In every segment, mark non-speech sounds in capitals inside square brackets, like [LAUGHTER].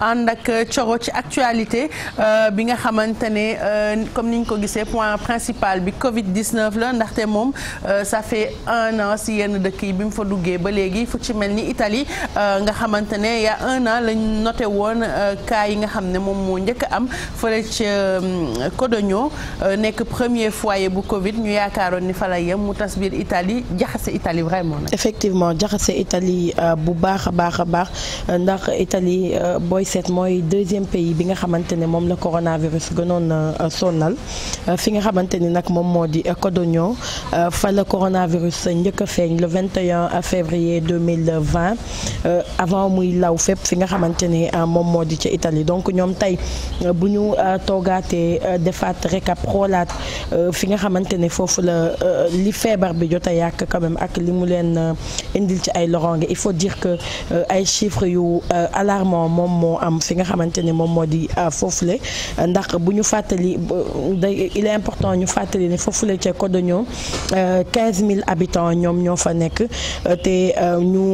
ànd ak euh, coro ci actualité euh, bi nga xamante ne euh, comme niñ ko gisee point principal bi Covid 19 la ndaxte moom ça fait un an si yenn dëkk yi bi mu fa duggee ba léegi fu ci mel ni Italie nga xamante ne un an lañ noté woon cas yi nga xam ne moom moo njëkk am fële ca Codogno nekk premier foyer bu Covid ñu yaakaaroon ni fa la yem mu tas biir Italie jaxase Italie vraiment. effectivement jaxase Italie bu baax a baax a baax ndax Italie. mooy seet mooy deuxième pays bi nga xamante ne moom la coronavirus gënoon a sonnal euh, fi nga xamante ni nag moom moo di Côte d'Oignon euh, fa la coronavirus njëkk feeñ le 21 février 2020 euh, avant muy law fépp fi nga xamante ni moom moo di ca Italie donc ñoom tey bu ñu toogaatee defaat récap xoolaat fi nga xamante ne foofu la li feebar bi jot a yàq quand ak li mu leen indil ci ay loronge il faut dire que ay chiffres yu alarmant moom moo am fi nga xamante ni moom moo di euh, foofule ndax bu ñu fàttali euh, day il est important ñu fàttali ne foofule ca Codogno 15000 euh, habitants ñoom ñoo fa nekk te ñu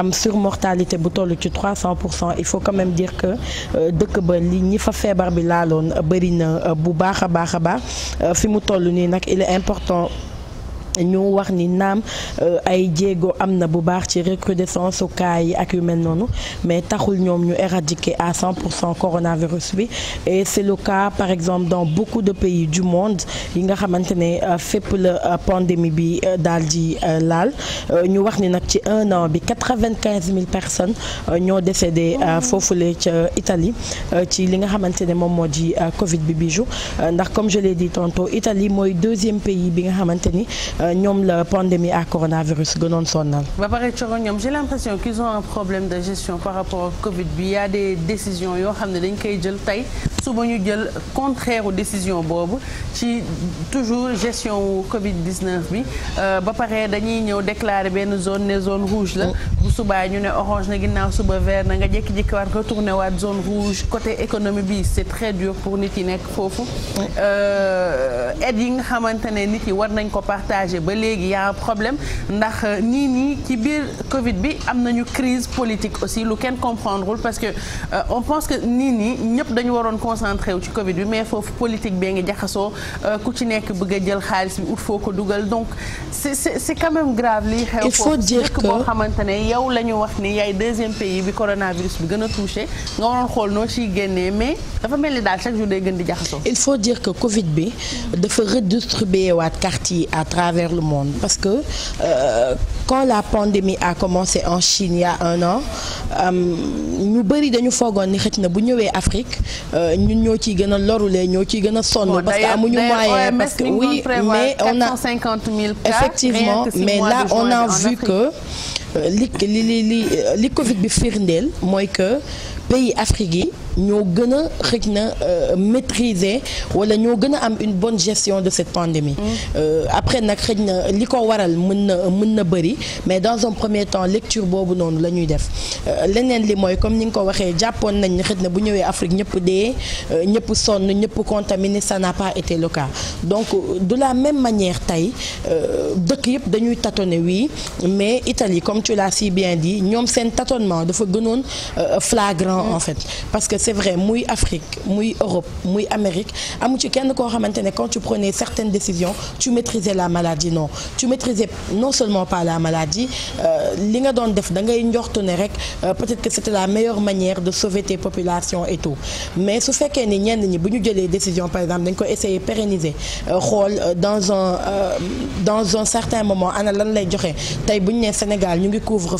am surmortalité bu toll ci 300 pour cent il faut quand même dire que dëkk ba li ñi fa feebar bi laaloon bëri na bu baax a baax a fi mu toll nii nag il est important. ñu wax ni naam euh, ay jéego am na bu baax ci recrudescence su cas yi ak yu mel noonu mais taxul ñoom ñu éradiquer à 100 pour cent coronavirus bi et c' est le cas par exemple dans beaucoup de pays du monde yi nga xamante ne euh, fépp la euh, pandémie bi daal di laal ñu wax ni nag ci un an bi 95 000 personnes ñoo décédé foofule ca Italie ci li nga xamante ne moom moo di Covid bi bijou ndax comme je l'ai dit tantôt Italie mooy deuxième pays bi nga xamante ni. ñoom la pandémie à coronavirus gënoon sonnal. ba pare Thioro ñoom j'ai l'impression qu'ils ont problème de gestion par rapport Covid bi y a des décisions yoo xam ne dañ koy jël tey suba ñu jël contraire u décision boobu ci toujours gestion wu Covid 19 bi euh, ba pare dañuy ñëw déclarer benn zone ne zone rouge la. Oh. bu subaa ñu ne orange na ginnaaw suba vert na nga jékki-jékki waat retourné waat zone rouge côté économie bi c'est très dur pour nit yi nekk foofu. Oh. Euh, aide yi nga xamante ne nit yi war nañ ko partager ba léegi yaa a problème ndax euh, nii nii ci biir Covid bi am nañu crise politique aussi lu kenn comprendrewul parce que on pense que nii nii concentré wu ci Covid bi mais foofu politique bee ngi jaxasoo euh, ku ci nekk bëgg a jël xaalis bi ut foo ko dugal donc c'est c'est c'est quand même grave li xew il faut dire que boo xamante ne yow la ñu wax ni yaay deuxième pays bi coronavirus bi gën a touché nga waroon xool noo ciy génnee mais dafa mel ni daal chaque jour day gën di jaxasoo. il faut dire que Covid bi dafa redistribuer waat carte yi à travers le monde parce que. Euh, quand la pandémie a commencé en Chine il y a un an euh, ñu bëri dañu foogoon ni xëj na bu ñëwee Afrique euh, ñun ñoo ciy gën a lorulee ñoo ci gën a sonn. parce que amuñu moyen parce que oui mais on a effectivement mais là on a vu que euh, li li li li Covid bi firndeel mooy que pays Afrique yi. ñoo gën a xëj na euh, maîtriser wala ñoo gën a am une bonne gestion de cette pandémie mm. euh, après nag xëj na li ko waral mën na mën na bëri mais dans un premier temps lecture boobu noonu la ñuy def euh, leneen li mooy comme ni nga ko waxee jàppoon nañ ne xëj na bu ñëwee Afrique ñëpp dee ñëpp sonn ñëpp contaminé ça n'a pas été le donc de la même manière tey dëkk yëpp dañuy tâtonner oui mais Italie comme tu l'as si bien dit ñoom seen tâtonnement dafa gënoon flagrant mm. en fait c'est vrai muy Afrique muy Europe muy Amérique amu ci kenn koo xamante ne quand tu prenais certaines décisions tu maîtrisais la maladie no tu maîtrisais non seulement pas la maladie euh, li nga doon def da ngay njortu ne rek euh, peut-être que c'était la meilleure manière de sauver tes populations mais su fekkee ni ñenn ñi bu ñu jëlee décision par exemple dañ ko essayer pérenniser euh, xool dans un dans un certain moment ana lan lay joxe tey bu ñu nee Sénégal ñu ngi couvre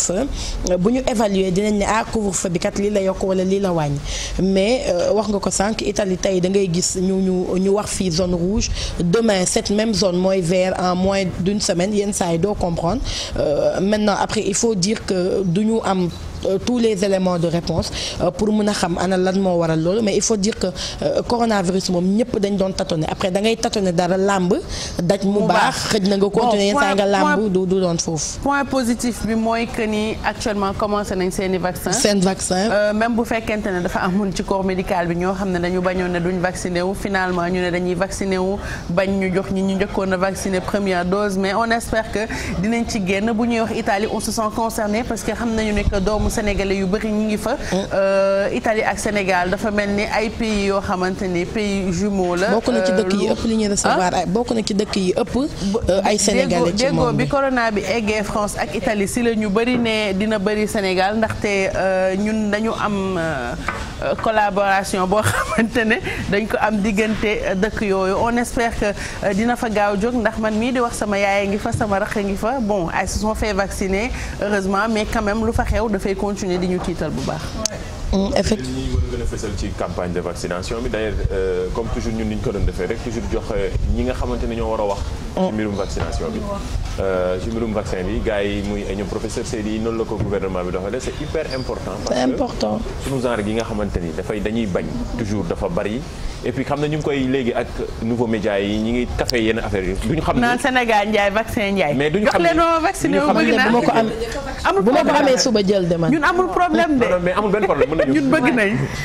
bu ñu évaluer dinañ ah couvre-feu la yokk wala lii la wàññi mais euh, wax nga ko sànq Italie tey da ngay gis ñu ñu ñu wax fii zone rouge demain cette même zone mooy vert en moins d'une semaine yenn saa yi doo comprendre euh, maintenant après il faut dire que ñu am Euh, tous les éléments de réponse euh, pour mën a xam ana lan moo waral loolu mais il faut dire que euh, coronavirus moom ñëpp dañ doon tâtonner après da ngay tâtonner dara làmb daj mu baax xëj na continuer saa nga làmb du doon foofu point positif bi mooy que ni actuellement commencé nañ seeni vaccin seen vaccin même bu fekkente ne dafa amoon ci corps médical bi ñoo xam ne dañu bañoon ne duñ vacciné finalement ñu ne dañuy vacciné bañ ñu jox ñi ñu njëkkoon a vacciné sénégalais yu bëri ñu ngi fa. Euh, itali ak Sénégal dafa mel ni ay pays yoo xamante ni pays jumeaux la. bokk na ci dëkk yi euh, ëpp li ñu recevoir ay bokk na ci dëkk yi ëpp. Euh, ay sénégalais ci moom bi corona bi eggee France ak Italie si ñu bëri ne dina bëri Sénégal ndaxte ñun dañu am collaboration boo [LAUGHS] xamante ne dañ ko am diggante dëkk yooyu on espère que dina fa gaaw jóg ndax man mii di wax sama yaay ngi fa sama rax a ngi fa bon ay se sont fait vacciner heureusement mais quand lu fa xew dafay continuer di ñu tiital bu baax. Mm, effectivement. gën a fësal ci campagne de vaccination bi d'ailleurs euh, comme toujours ñun ni ñu ko defee rek toujours jox euh, ñi nga xamante ñoo war wax. ci oh. mbirum vaccination bi. Euh, ci mbirum vaccin bi gars yi muy ñoom professeur Seydi noonu la ko gouvernement bi doxalee c'est hyper important. parce que important suñu genre gi nga xamante ni dafay dañuy bañ. toujours dafa bari et xam na ñu ngi koy léegi ak nouveau média yi ñi ngi kafe yenn affaire yi duñu xam. naan Sénégal Ndiaye vaccin Ndiaye. ko amee suba jël de man. ñun amul problème de. mais amul benn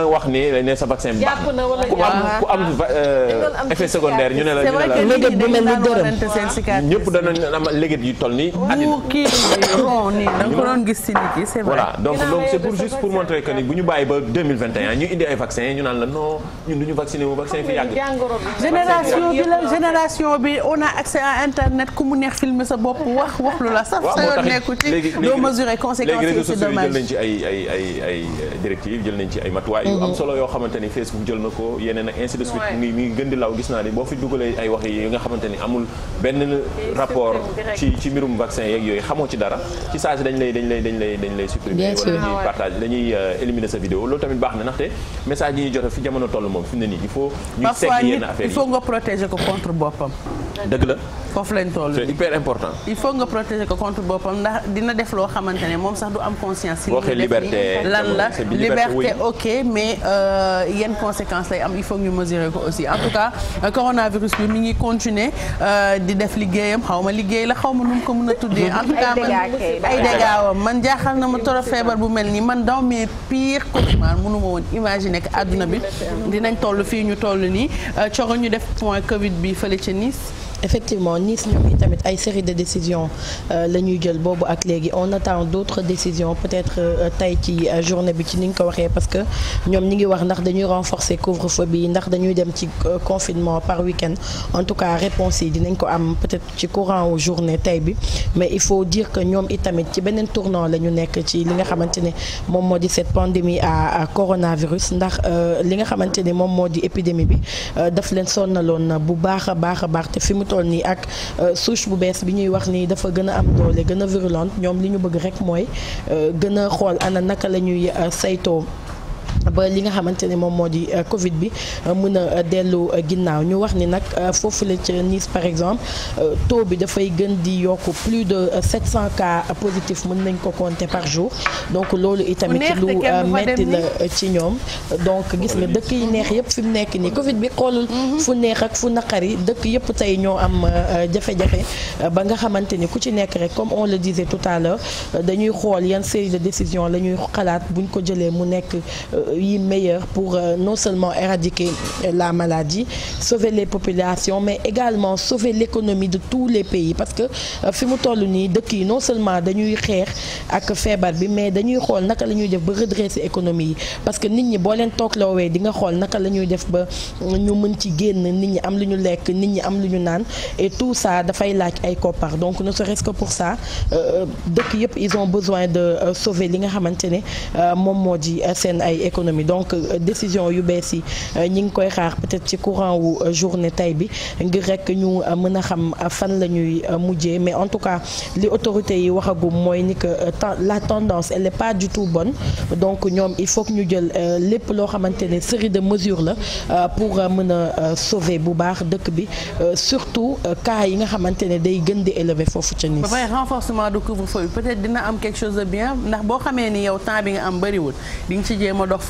na wax ni ne sa vaccin baax ku am ah. euh, effet secondaire ñu ne la ñu ne la léegi bu mel ni dërëm ñëpp danañ am léegi yu toll nii. bu da nga ko doon gis si nit yi c'est vrai. voilà donc donc c'est pour juste pour montrer que ni bu ñu bàyyi ba 2021 ñu indi ay vaccin ñu naan la non ñun du ñu vacciné wu vaccin fi yàgg. génération bi la a accès à internet ku mu neex filmer sa bopp wax wax lu la sax sa yoon nekku ci doo mesurer conséquences yi yu solo yoo xamante ni Facebook jël na ko yeneen ak ainsi de suite ngi gën di law gis naa ni boo fi dugalee ay wax yi nga xamante ni amul benn rapport ci ci mbirum vaccin yeeg yooyu xamoo ci dara ci saa si dañ lay dañ lay dañ lay dañ lay supprimer wala partage dañuy ah euh, éliminer sa vidéo loo tamit baax na ndaxte message yi ñuy joxe fi jamono toll moom fi mu ne nii il faut ñu segg yenn affaire yi il faut nga protéger ko contre boppam dëgg la foofu lañ toll c'est hyper important. il faut nga protéger ko contre boppam ndax dina def loo xamante ne moom sax du am conscience. si li liberté lan la liberté ok mais euh, yenn conséquences lay am il faut ñu mesurer ko aussi en tout cas euh, coronavirus bi mi ngi continuer euh, di def liggéeyam xaw ma liggéey la xaw ma nu mu ko mën a tuddee. en tout cas [LAUGHS] man ay dégâts man jaaxal na ma trop feebar bu mel nii man dans mes pires cauchemars mënu ma woon imaginer que àdduna bi dinañ toll fii ñu toll nii coro ñu def point Covid bi fële ca effectivement Nice ñoom tamit ay série de décisions euh, la ñuy jël boobu ak léegi on attend d'autres décisions peut-être euh, tey ci euh, journée bi ci ni nga ko waxee parce que ñoom ñi ngi wax ndax dañuy renforcer couvre-feu bi ndax dañuy dem ci confinement par week-end en tout cas réponse yi dinañ ko am peut-être ci courant wu journée tey bi mais il faut dire que ñoom itamit ci beneen tournant la ñu nekk ci li nga xamante ne moom moo di cette pandémie à coronavirus ndax li nga xamante ne moom moo di épidémie bi daf leen sonnaloon bu baax a baax toll nii ak euh, souche bu bees bi ñuy wax nii dafa gën a am doole gën a virulente ñoom li ñu bëgg rek mooy euh, gën a xool ana naka la ñuy euh, saytoo ba li nga xamante ne moom moo di euh, Covid bi euh, mën a euh, dellu ginnaaw ñu wax ni nag foofu la ca Nice par exemple taux bi dafay gën di yokk plus de 700 cas positifs mën nañ ko compter par jour donc loolu itamit lu metti la ci ñoom donc gis nga dëkk yi neex yëpp fi mu nekk nii Covid bi xoolul mhm. fu neex ak fu naqari dëkk yëpp tey ñoo am jafe-jafe ba nga xamante ni ku ci nekk rek comme on le disait tout à l'heure dañuy xool yan série de décision la ñuy xalaat buñ ko jëlee mu nekk yi meilleur pour euh, non seulement éradiquer euh, la maladie sauver les populations mais également sauver l'économie de tous les pays parce que euh, fi mu toll nii dëkk yi non seulement dañuy xeex ak feebar bi mais dañuy xool naka la ñuy def ba redresser économie yi parce que nit ñi boo leen toogloowee di nga xool naka la ñuy def ba ñu mën ci génn nit ñi am lu ñu lekk nit ñi am lu ñu naan et tout ça dafay laaj ay koppar donc ne serait-ce pour ça dëkk yëpp ils ont besoin de sauver li nga xamante ne moom moo di seen ay économie donc euh, décision yu bees yi euh, ñi ngi koy xaar peut-être ci courant wu euh, journée tey bi ngir rek ñu mën a xam fan la ñuy mujjee mais en tout cas li autorité yi waxagum mooy ni que la tendance elle est pas du tout bonne donc ñoom il faut ñu jël lépp loo xamante ne série de mesures la pour mën a sauver bu baax dëkk bi surtout cas yi nga xamante ne day gën di élever foofu ca Nice. ba pare renforcement du couvre-feu peut-être dina am quelque chose de bien ndax boo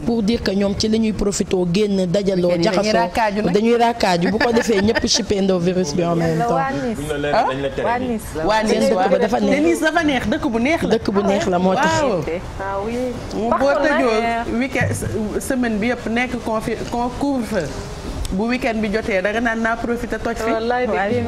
c'est pour dire que ñoom ci la ñuy profité génn dajaloo jaxasoo dañuy raakaaju bu ko defee ñëpp chipendoo virus bi en même dëkk ba dafa neex neex dëkk bu neex la dëkk bu neex la moo tax boo tëjoo semaine bi yëpp nekk couvre-feu bu weekend bi jotee danga naan naa profité toj fi.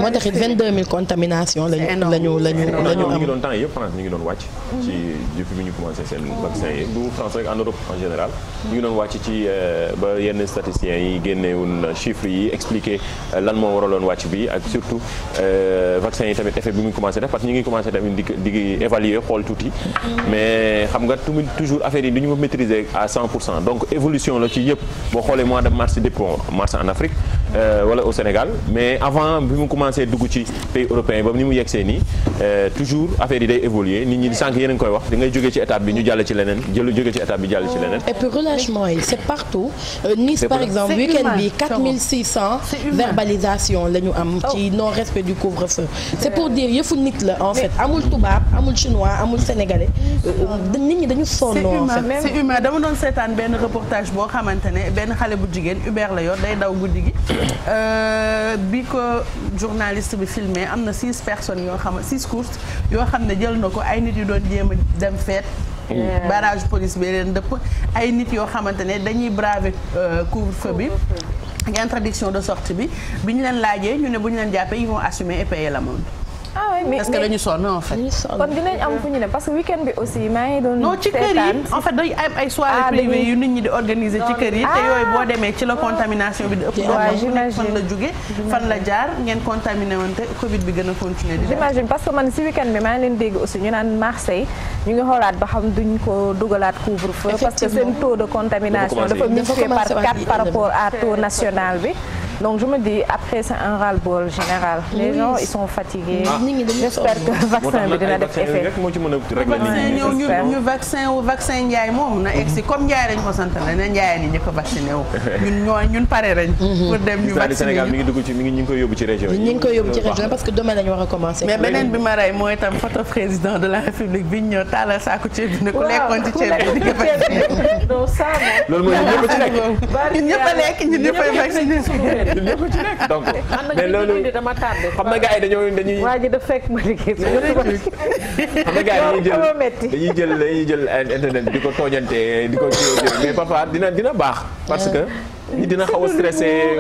moo taxit 22000 contamination lañu lañu lañu lañu am. ñu ngi France ñu ngi doon wàcc. ci yi du France rek en Europe en général. Euh, ba yenn statisticiens yi génnewun chiffres yi expliqué euh, lan moo waraloon wàcc bi ak surtout euh, vaccin yi tamit effet bi mu commencé def parce que ñu ngi commencé tamit di di évaluer xool tuuti. mais xam nga toujours affaire yi du ñu ko maîtriser à 100 pour cent donc évolution la ci yëpp boo xoolee mois de mars depuis en Afrique Euh, wala au Sénégal mais avant bi mu commencé dugg ci pays européen ba ni mu yegsee nii euh, toujours affaire yi day évoluer nit ñi sànq yéen a ngi koy wax da ngay jógee ci étape bi ñu jàll ci leneen jël jógee ci étape bi jàll ci leneen. et puis relâchement yi c'est partout. Euh, nice par exemple week bi verbalisation la ñu am. Oh. ci non respect du couvre-feu. c'est pour dire yëfu nit la en fait amul tubaab amul chinois amul sénégalais nit ñi dañu sonnoo en fait. c'est humain dama doon seetaan benn reportage boo xamante ne benn xale bu jigéen Uber la yor day daw guddi gi. Euh, bi ko journaliste bi filmé am na six personnes yoo xam six courses yoo xam ne jël na ko ay nit yu doon jéem a dem feet barrage police bi leen dëpp ay nit yoo xamante ne dañuy brave euh, couvre-feu bi interdiction de sortie bi bi ñu leen laajee ñu ne bu ñu leen jàppee ils assume assumer et payer ah oui mais parce que dañu sonn am fu ñu ne parce que weekend bi aussi maa ngi doon. non ci kër yi en fait ah, di organiser ci ah, kër te yooyu ah. boo demee ci la contamination bi di ëpp. waaw fan la jóge fan la jaar ngeen contaminé wante Covid bi gën continuer di parce que man si weekend bi maa ngi leen dégg aussi ñu naan Marseille ñu ngi xoolaat ba xam duñ ko dugalaat couvre-feu. parce que seen taux de contamination dafa multiplié par 4 par rapport à taux national bi. donc je me dis après c'est un ras-le-bol général. les gens ils sont fatigués. Ah. j'espère que vaccin bi dina def effet. moo ci mën a régler ñu ñu vaccin wu vaccin Ndiaye moom na egg si mm-hmm. comme Ndiaye lañ ko sant na Ndiaye ni njëkk a vacciné wu. [LAUGHS] ñun ñoo ñun pare nañ. Mm-hmm. pour dem ñu vacciné Sénégal mi ngi dugg ci mi ngi ñu ngi koy yóbbu ci région yi. ñu ngi koy yóbbu ci région parce que domaine lañu war a commencer. mais beneen bi ma rey mooy tam photo président de la république bi ñu ñëw taalal saako ceeb bi ne ku lekkoon ci ceeb bi di nga vacciné. loolu mooy ñun ñëpp a ci nekk ñun ñëpp a lekk ñun ñëpp a vacciné ñoo ko ci nekk donc. mais loolu dama xam nga gars dañoo dañuy. waa ji da fekk ma liggéey. [LAUGHS] xam nga gars yi dañuy jël dañuy jël internet di ko tooñante di ko. mais parfois dina dina baax parce que. ñi dina xaw a stressé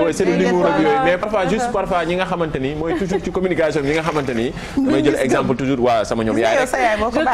nga xamante mooy toujours ci communication bi nga xamante ni jël exemple toujours waa sama ñoom yaay rek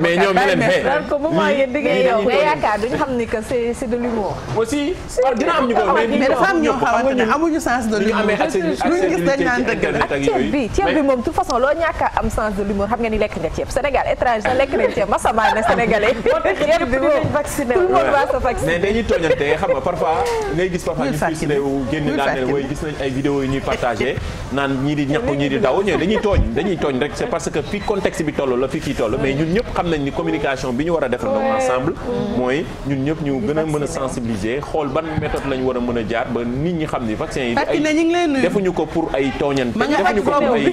mais ñoom ñu leen mais yaakaar duñu xam ni que c'est de l'humour aussi dina am ñu ko mais dafa am ñoo xamante ne amuñu sens de l'humour luñu gis bi ceeb bi moom toute façon loo ñàkk a am sens de l'humour xam nga ni lekk nga ceeb Sénégal étranger sa lekk nañ ceeb masamaay na sénégalais ceeb bi moom vacciné tout le vacciner dañuy tooñante xam nga parfois ngay gis parfois ñu frustré wu génn daaneel way gis nañ ay vidéo yi ñuy partagé naan ñii di ñàkku ñii di daw ñooy dañuy tooñ dañuy tooñ rek c'est parce que fi contexte bi toll la fi kii toll mais ñun ñëpp xam nañ ni communication bi ñu war a defandoo ensemble mm. mooy ñun ñëpp ñu gën a mën a sensibiliser xool ban méthode lañ war a mën a jaar ba nit ñi xam ni vaccin yi ay ñu ko pour ay tooñante defuñu ko pour ay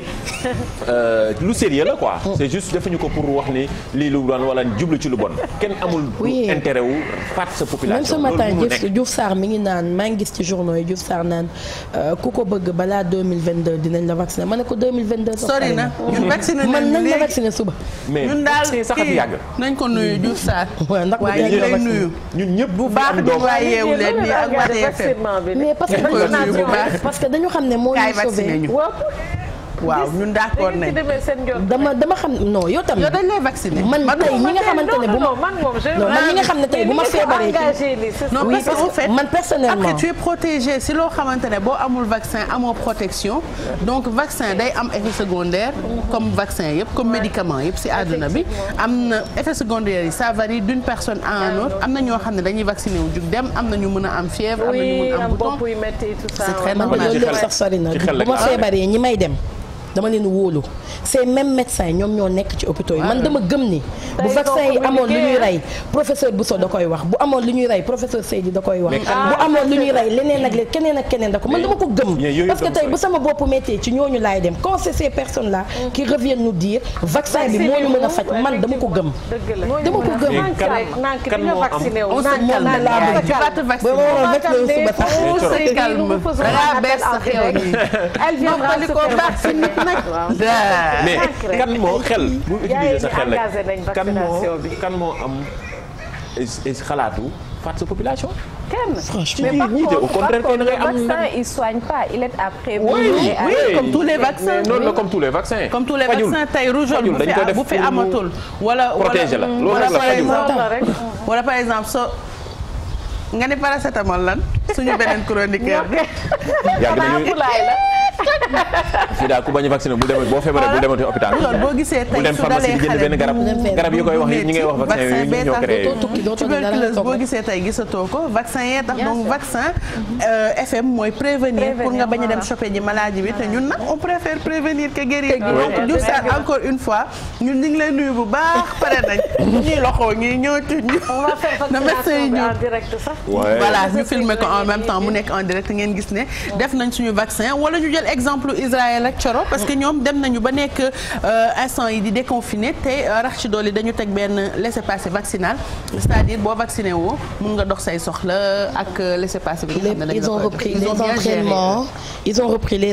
euh, lu sérieux la quoi mm. c'est juste defuñu ko pour wax ni lii lu bon wala jublu ci lu bon kenn amul intérêt wu faat sa population ce matin Diouf Sarr mi ngi naan maa ngi gis ci journaux yi Diouf naan euh, ku ko bëgg balaa 2022 dinañ la vacciner ma ne ko 2022. sori na ñun vacciner man nañ la vacciner suba. ñun daal kii nañ ko nuyu Diouf Sarr. waaw [LAUGHS] ndax ñu lay ñun ñëpp bu baax bi waa yeewu leen mais parce que dañu xam ne moo ñu sauvé waaw ñun d'accord nañ dama dama xam non yow tam. yow dañ lay vacciner man tey ñi nga xamante ne bu ma. man moom ñi nga xam ne tey bu ma feebaree. non parce que en fait man personnellement. après tu es xamante ne boo amul vaccin amoo protection. donc vaccin day am effet secondaire. comme vaccin yëpp comme médicament yëpp si àdduna bi. am na effet secondaire yi d'une personne à un am na ñoo xam ne dañuy vacciner wu jug dem am na ñu mën a am fièvre. am na ñu mën a am bouton c'est na bu ma ah feebaree ñi may dem. dama leen wóolu ces mêmes médecins ñoom ñoo nekk ci hôpitaux yi ah, man dama gëm ni bu vaccin yi amoon lu ñuy rey professeur Bousso da koy wax bu amoon lu ñuy rey professeur Seydi da koy wax bu amoon lu ñuy rey leneen ak leen keneen ak keneen da ko man dama ko gëm parce que tey bu sama bopp méttee ci ñooñu laay dem quand c'est ces personnes là mm. qui reviennent nous dire vaccin bi moo ñu mën a faj man dama ko gëm dama ko gëm kan moo am ba ma waroon [LAUGHS] mais kan moo xel. bu utiliser sa xel rek kan moo kan moo am xalaatu faat sa population. kenn mais par contre, au contraire par contre, le vaccin il soigne pas il est à prévenir. oui oui ah, comme tous les vaccins. non non comme tous les vaccins. comme tous les vaccins tey rougeole bu fi bu fi amatul. wala wala par exemple wala par exemple so nga ne paracétamol lan. suñu beneen chroniqueur bi. [LAUGHS] yàgg nañu [LAUGHS] fii ku bañ a vacciné bul demee boo feebaree bul demati hôpital. boo gisee tey su dalee xale benn garab yi koy wax yi ñi ngay wax vaccin yooyu ñu ñoo créé. boo gisee tey gisatoo ko vaccin yee tax donc vaccin FM mhm. euh, mooy prévenir pour nga bañ a dem chopé ji maladie bi te ñun nag on préfère prévenir que guérir. donc Diouf encore une fois ñu ngi nuyu bu baax pare nañ [LAUGHS] ñii loxo ñii ñoo tuñ ñu. on va faire vaccination en même temps mu nekk en direct ngeen gis ne def nañ suñu vaccin wala ñu jël exemple Israël ak parce que ñoom dem nañu ba nekk euh, instant yi di déconfiné te euh, rax ci doole dañu teg benn laissez-passer vaccinal c'est-à-dire boo vacciné woo mun nga dox say soxla ak euh, laissez-passer bi nga xam ne ils ont les entraînements ils ont repris mhm.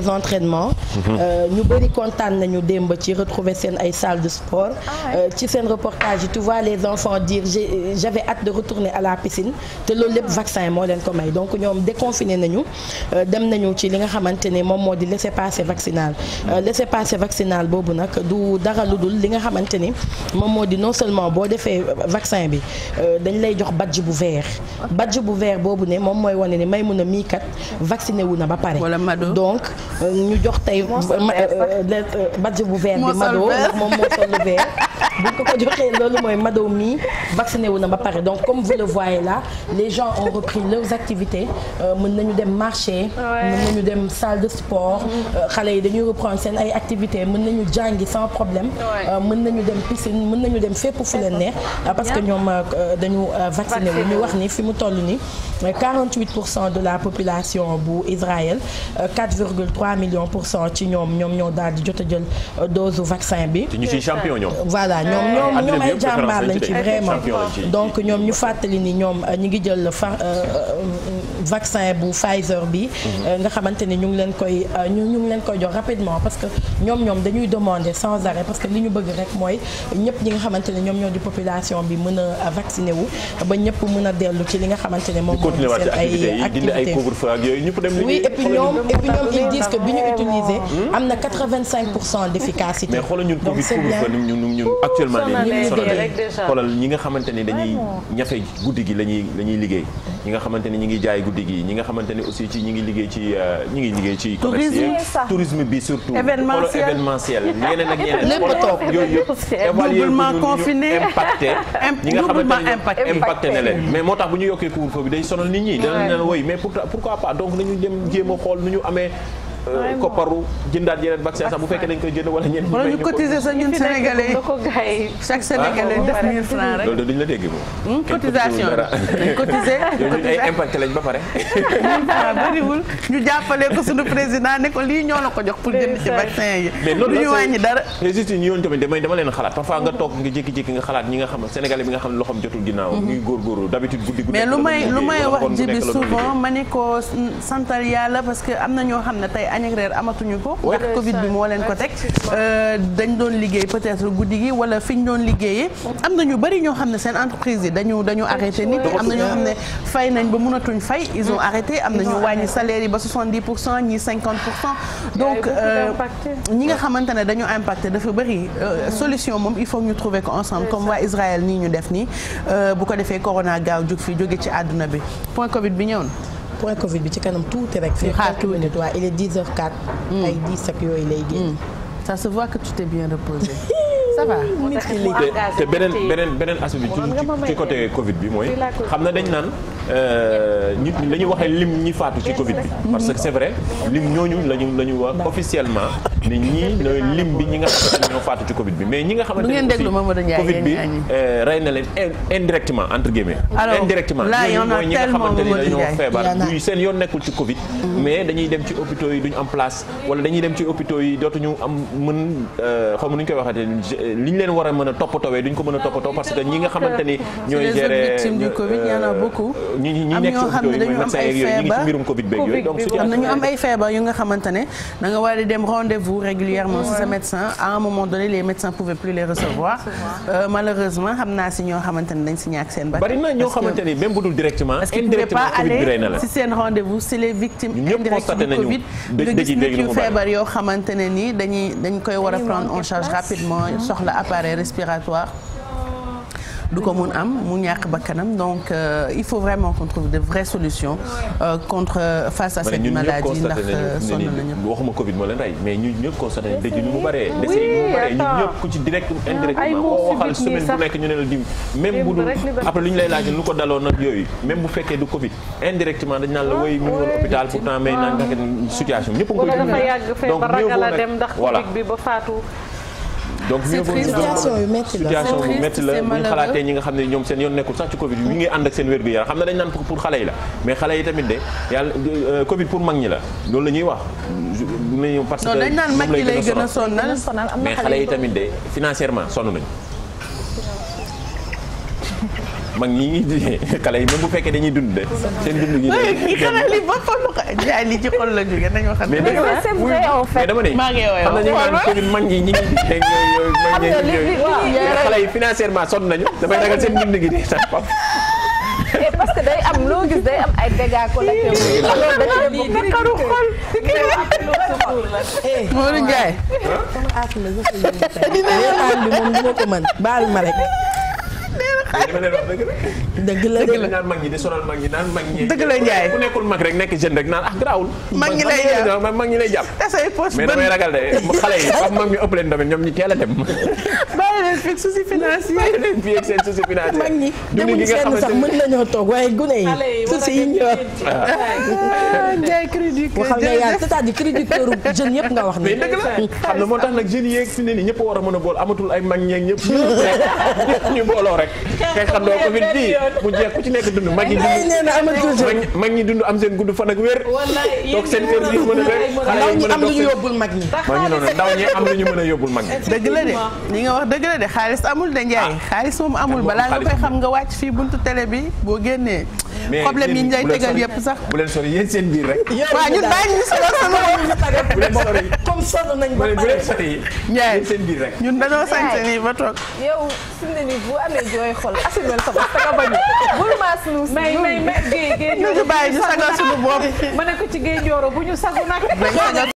ñu kontaan nañu démb ci retrouver seen ay salle de sport ah ci seen reportage yi tu vois les enfants dire j'avais hâte de retourner à la piscine ñoom déconfiné nañu euh, dem nañu ci li nga xamante ne moom moo di laissez-passer vaccinal euh, laissez-passer vaccinal boobu nag du dara lu dul li nga xamante ni moom moo di non seulement boo defee vaccin bi euh, dañ lay jox badge bu vert badge bu vert boobu ne moom mooy wane ne may mun a mii kat vacciné wu na ba pare donc ñu jox tey badge bu vert bi mado ndax moom moo sol lu vert [LAUGHS] bu ko ko joxee loolu mooy mado mii vacciné wu na ba pare donc comme vous le voyez là les Euh, mën nañu dem marché. mën nañu dem salle de sport. Mm-hmm. Euh, xale yi dañuy reprendre seen ay activités mën nañu jàngi sans problème. Euh, mën nañu dem piscine mën nañu dem fépp fu leen neex. parce que ñoom dañu vacciné wu ñu wax ni fi mu toll nii. 48 pour cent de la population bu Israël 4,3 euh, millions pour cent ci ñoom ñoom ñoo daal di jot a jël euh, dose vaccin bi. te ñu ciy champion ñoom. Euh, voilà ñoom ñoom ñoom ay jàmbaar lañ ci vraiment donc ñoom ñu fàttali ni ñoom ñu ngi jël fa vaccin bu Pfizer bi. Mhm. nga xamante ni ñu ngi leen koy ñu ñu ngi leen koy jox rapidement parce que ñoom ñoom dañuy demander sans arrêt parce que li ñu bëgg rek mooy ñëpp ñi nga xamante ne ñoom ñoo di population bi mën a vacciner wu ba ñëpp mën a dellu ci li nga xamante moom. continuer waat ci activités yi dindi ay couvre-feu ak yooyu ñëpp dem liggéey oui et puis ñoom bi ñu utilisé hmm? am na d'efficacité mais xoolal ñun covid couvre-feu ñun ñun ñun actuellement nii xoolal ñi nga xamante dañuy ah ñafe guddi gi lañuy la ñuy liggéey ñi nga xamante ni ñi ngi jaay guddi gi ñi nga xamante ni aussi ci ñi ngi liggéey ci euh, ñi tourisme bi surtout événementiel événementiel yeneen [LAUGHS] ak yeneen lépp toog yooyu yëpp doublement confiné impacté na leen mais moo tax bu ñu yokkee couvre-feu bi day sonal nit ñi dana leen woy mais pourquoi pas donc nañu dem jéem xool nu ñu amee Euh, kopparu jëndaat yeneen vaccin sax bu fekkee dañ koy jënd wala ñenn ñu cotiser sa ñun sénégalais chaque sénégalais ah, def 1000 francs rek loolu duñ la dégg moom cotisation dañ cotiser [LAUGHS] ay impact lañ ba pare bariwul ñu jàppale ko suñu président ne ko lii ñoo la ko jox pour jënd ci vaccin yi duñu ñu yoon tamit damay dama nga toog nga jékki-jékki nga xalaat ñi nga xam sénégalais bi nga xam ne loxoom jotul ginnaaw mhm. ñuy góorgóorlu d'habitude guddi guddi mais lu may lu may wax añ amatuñu ko ndax covid bi moo leen ko teg euh, dañ doon liggéey peut-être guddi gi wala fi ñu doon liggéeyee am na ñu bëri ñoo xam ne seen entreprise yi dañu dañu arrêté nit am na ñoo xam ne fay nañ ba mënatuñ fay ils ont arrêté am na ñu wàññi salaire yi ba 70 pour cent ñi 50 pour cent donc euh, ñi nga xamante ne dañu impacté dafa bëri euh, solution moom il faut ñu trouver ko ensemble comme waa Israël nii ñu def nii bu ko defee corona gaaw jóg fi jóge ci àdduna bi point covid bi ñëw na point Covid bi ci kanam tuuti rek. ñu xaar quelques minutes waaw il est 10h04. Mm. ay 10 ak yooyu lay génn. Mm. ça se voit que tu t'es bien reposé. [LAUGHS] ça te beneen beneen bi ci côté Covid bi mooy xam na dañ naan euh, nit ñi dañuy waxee lim ñi faatu ci Covid bi. parce que c'est vrai lim ñooñu lañu lañu wax officiellement ne ñii ñooy lim bi ñi nga xam daanu faatu ci Covid bi mais ñi nga xamante ne aussi Covid bi euh, rey na leen indirectement entre guillemets. indirectement ñooñu mooy ñi nga feebar buy seen yoon nekkul ci Covid. mais dañuy dem ci hôpitaux yi duñ euh, a mën a toppatoowee ko mën a parce que ñi nga xamante ñooy gérer euh, ñi ñi nekk ci mbirum Covid beeg yooyu donc situation nañu am ay feebar yu nga xamante ne da di dem rendez régulièrement si sa médecin à moment donné les médecins pouvaient plus les recevoir. [LAUGHS] Euh, malheureusement xam naa si ñoo xamante ne dañ si ñàkk seen bakkan. bari na ñoo xamante ne même bu dul directement. indirectement Covid bi rey na la parce que pas aller si seen rendez-vous si Covid nga gis nit ñu feebar xamante ne ni dañuy dañ koy war a prendre en charge rapidement soxla appareil respiratoire. du ko mun am mu ñàkk bakkanam donc euh, il faut vraiment qu'on trouve de vraies solutions euh, contre euh, face à cette maladie ndax sonn nañu waxuma Covid moo leen rey mais ñun ñëpp constaté nañu dëj ñu mu bëree dese ñu mu bëree ñun ñëpp ku ci direct ah, indirect boo waxal semaine bu nekk ñu ne la diw bu dul après lu ñu lay laajee lu ko daloon nag yooyu même bu fekkee du Covid indirectement dañ naan la woy mu woon hôpital pourtant may ah, naan ah. nga situation ñëpp a ngi koy donc néew boo nekk voilà. donc mieux vaut situation yu métti la situation xalaatee ñi nga xam ne ñoom seen yoon nekkul sax ci Covid bi ñu ngi ànd ak seen wér-gu-yaram xam na dañ naan pour xale yi la mais xale yi tamit de yàlla euh, Covid pour mag ñi la loolu la ñuy wax. parce que dañ naan mag ñi lay gën a sonal mais xale yi tamit de financièrement sonn nañu. mag ñi ngi jugee xale yi même bu fekkee dañuy dund de. seen dund gi li ba jaay li ci xol la jógee nañu xam ne. mais dama ne xam nañu ñi ñi ngi jugee mag ñi ngi jugee xale yi financièrement sonn nañu damay ragal seen dund gi de sax parce que day am loo gis day am ba dina yéen aal bi moom dina ko mën baal ma dama leen wax dëgg la. dëgg mag ñi de sonal mag ñi naan mag ñi. dëgg la Ndiaye ku nekkul mag rek nekk jeune rek naan ah garaawul. mag ñi lay jàpp mag ñi lay jàpp. mais damay ragal de xale yi mag ñu ëpp leen tamit ñoom ñu teel a dem. bàyyi leen fekk souci financier bàyyi leen fii ak seen souci financier mag ñi demuñu seen sax mën nañoo toog waaye gune yi souci yi ñëw jaay crédit kër xam nga yaa c'est-à-dire créditeur jeune yëpp nga wax ni dëgg la xam na moo tax nag jeunes yeeg fi ne ni ñëpp war a mën a bool amatul ay mag ñeeg ñëpp [LAUGHS] [LAUGHS] ñu booloo rek kay xam doo covid bii bu jeex ku ci nekk dund mag ñi dund nee na amatul mag ñi dund am seen gudd fan ak wér toog seen kër gi mën a wér ndaw ñi am lu ñu yóbbul mag ñi ndaw ñi am lu ñu mën a yóbbul mag ñi dëgg la de ñi nga wax dëgg la de xaalis amul de Ndiaye. xaalis moom amul balaa nga koy xam nga wàcc fii buntu télé bi boo génnee. problème yi ñu lay tegal sax. bu leen sori yéen seen biir rek. waa ñun bàyyi ñu solo solo. bu leen sori comme sonn nañ ba pare bu leen sori yéen seen biir rek. ñun dañoo sant nii ba toog. yow suñu ne nii bu amee jooy xol asumel sa bopp saga bañu. bul maas luus. may may may géej géej ñu bàyyi ñu sagal suñu bopp. ma ne ko ci géej jooro bu ñu sagu nag.